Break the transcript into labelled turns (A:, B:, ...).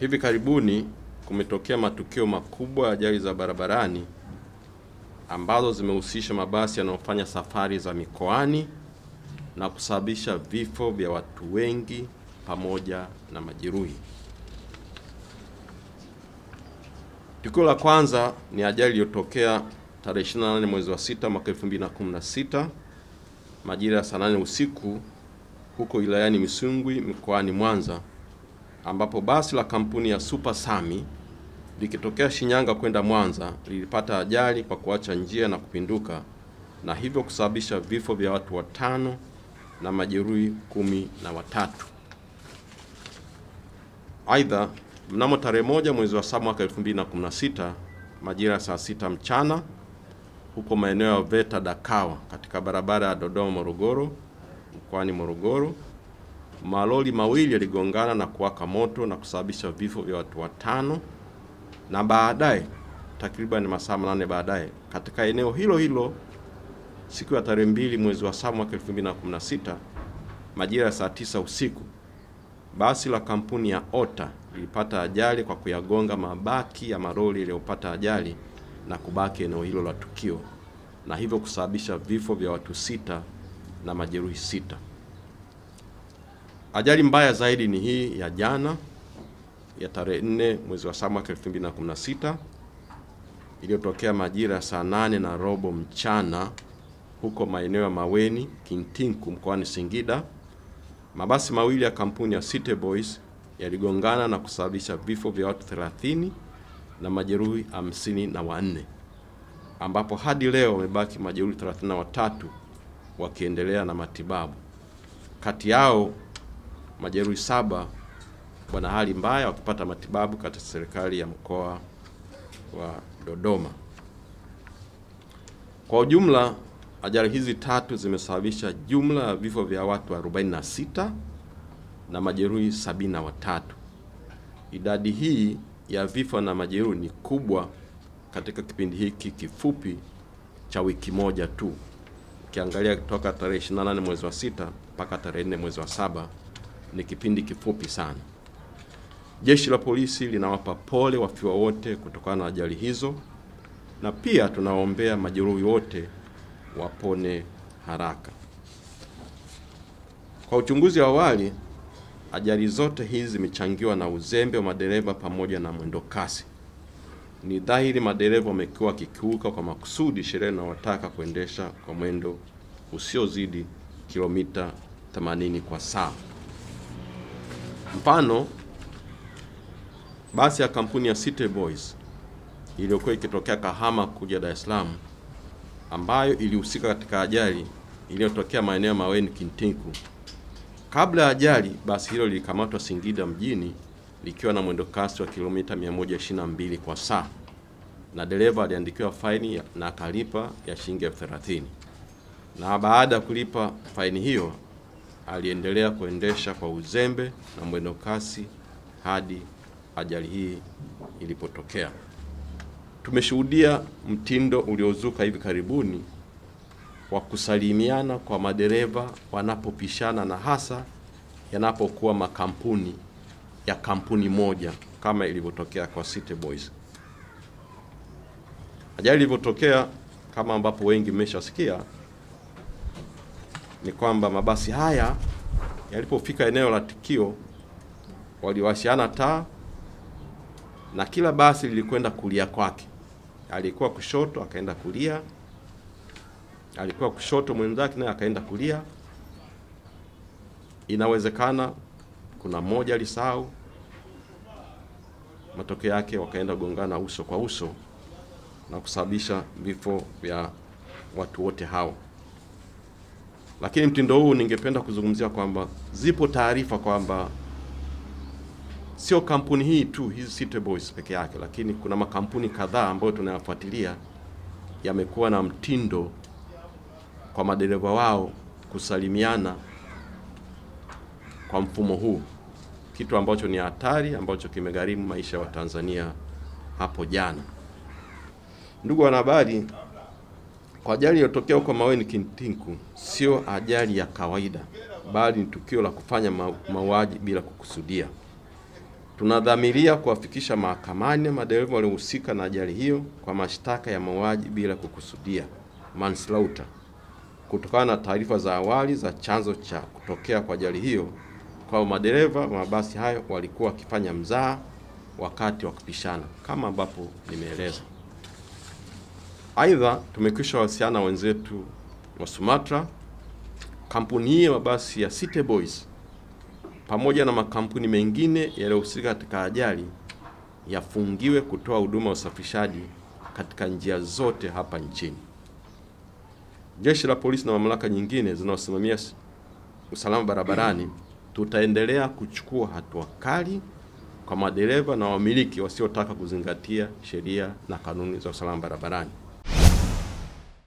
A: Hivi karibuni kumetokea matukio makubwa ya ajali za barabarani ambazo zimehusisha mabasi yanayofanya safari za mikoani na kusababisha vifo vya watu wengi pamoja na majeruhi. Tukio la kwanza ni ajali iliyotokea tarehe 28 mwezi wa 6 mwaka 2016 majira ya saa nane usiku huko wilayani Misungwi mkoani Mwanza ambapo basi la kampuni ya Super Sami likitokea Shinyanga kwenda Mwanza lilipata ajali kwa kuacha njia na kupinduka na hivyo kusababisha vifo vya watu watano na majeruhi kumi na watatu. Aidha, mnamo tarehe moja mwezi wa saba mwaka 2016 majira ya saa sita mchana huko maeneo ya VETA Dakawa katika barabara ya Dodoma Morogoro mkoani Morogoro malori mawili yaligongana na kuwaka moto na kusababisha vifo vya watu watano, na baadaye takriban masaa manane baadaye katika eneo hilo hilo siku ya tarehe mbili mwezi wa saba mwaka sita majira ya saa tisa usiku basi la kampuni ya Ota lilipata ajali kwa kuyagonga mabaki ya malori yaliyopata ajali na kubaki eneo hilo la tukio na hivyo kusababisha vifo vya watu sita na majeruhi sita. Ajali mbaya zaidi ni hii ya jana ya tarehe 4 mwezi wa saba mwaka 2016 iliyotokea majira saa nane na robo mchana huko maeneo ya Maweni Kintinku mkoani Singida. Mabasi mawili ya kampuni ya City Boys yaligongana na kusababisha vifo vya watu 30 na majeruhi hamsini na wanne ambapo hadi leo wamebaki majeruhi 33 wakiendelea na matibabu kati yao majeruhi saba wana hali mbaya wakipata matibabu katika serikali ya mkoa wa Dodoma. Kwa ujumla, ajali hizi tatu zimesababisha jumla ya vifo vya watu 46 na majeruhi 73. Idadi hii ya vifo na majeruhi ni kubwa katika kipindi hiki kifupi cha wiki moja tu, ukiangalia kutoka tarehe 28 mwezi wa 6 mpaka tarehe 4 mwezi wa saba ni kipindi kifupi sana. Jeshi la polisi linawapa pole wafiwa wote kutokana na ajali hizo, na pia tunaombea majeruhi wote wapone haraka. Kwa uchunguzi wa awali, ajali zote hizi zimechangiwa na uzembe wa madereva pamoja na mwendo kasi. Ni dhahiri madereva wamekuwa wakikiuka kwa makusudi sheria inayowataka kuendesha kwa mwendo usiozidi kilomita 80 kwa saa. Mfano, basi ya kampuni ya City Boys iliyokuwa ikitokea Kahama kuja Dar es Salaam ambayo ilihusika katika ajali iliyotokea maeneo ya Maweni Kintinku. Kabla ya ajali, basi hilo lilikamatwa Singida mjini likiwa na mwendo kasi wa kilomita 122 kwa saa na dereva aliandikiwa faini na akalipa ya shilingi elfu thelathini na baada ya kulipa faini hiyo aliendelea kuendesha kwa uzembe na mwendo kasi hadi ajali hii ilipotokea. Tumeshuhudia mtindo uliozuka hivi karibuni wa kusalimiana kwa madereva wanapopishana na hasa yanapokuwa makampuni ya kampuni moja kama ilivyotokea kwa City Boys. Ajali ilivyotokea kama ambapo wengi mmeshasikia ni kwamba mabasi haya yalipofika eneo la tukio waliwashiana taa na kila basi lilikwenda kulia kwake. Alikuwa kushoto akaenda kulia, alikuwa kushoto mwenzake naye akaenda kulia. Inawezekana kuna mmoja alisahau, matokeo yake wakaenda kugongana uso kwa uso na kusababisha vifo vya watu wote hao. Lakini mtindo huu ningependa kuzungumzia kwamba zipo taarifa kwamba sio kampuni hii tu, hizi City Boys peke yake, lakini kuna makampuni kadhaa ambayo tunayafuatilia yamekuwa na mtindo kwa madereva wao kusalimiana kwa mfumo huu, kitu ambacho ni hatari, ambacho kimegharimu maisha ya Watanzania hapo jana. Ndugu wanahabari, kwa ajali iliyotokea huko Maweni Kintinku, sio ajali ya kawaida, bali ni tukio la kufanya mauaji bila kukusudia. Tunadhamiria kuwafikisha mahakamani madereva waliohusika na ajali hiyo kwa mashtaka ya mauaji bila kukusudia manslaughter, kutokana na taarifa za awali za chanzo cha kutokea kwa ajali hiyo kwa madereva wa mabasi hayo walikuwa wakifanya mzaha wakati wa kupishana kama ambapo nimeeleza. Aidha, tumekwisha wasiana wenzetu wa Sumatra, kampuni hii ya mabasi ya City Boys pamoja na makampuni mengine yaliyohusika katika ajali yafungiwe kutoa huduma ya usafirishaji katika njia zote hapa nchini. Jeshi la polisi na mamlaka nyingine zinazosimamia usalama barabarani, tutaendelea kuchukua hatua kali kwa madereva na wamiliki wasiotaka kuzingatia sheria na kanuni za usalama barabarani.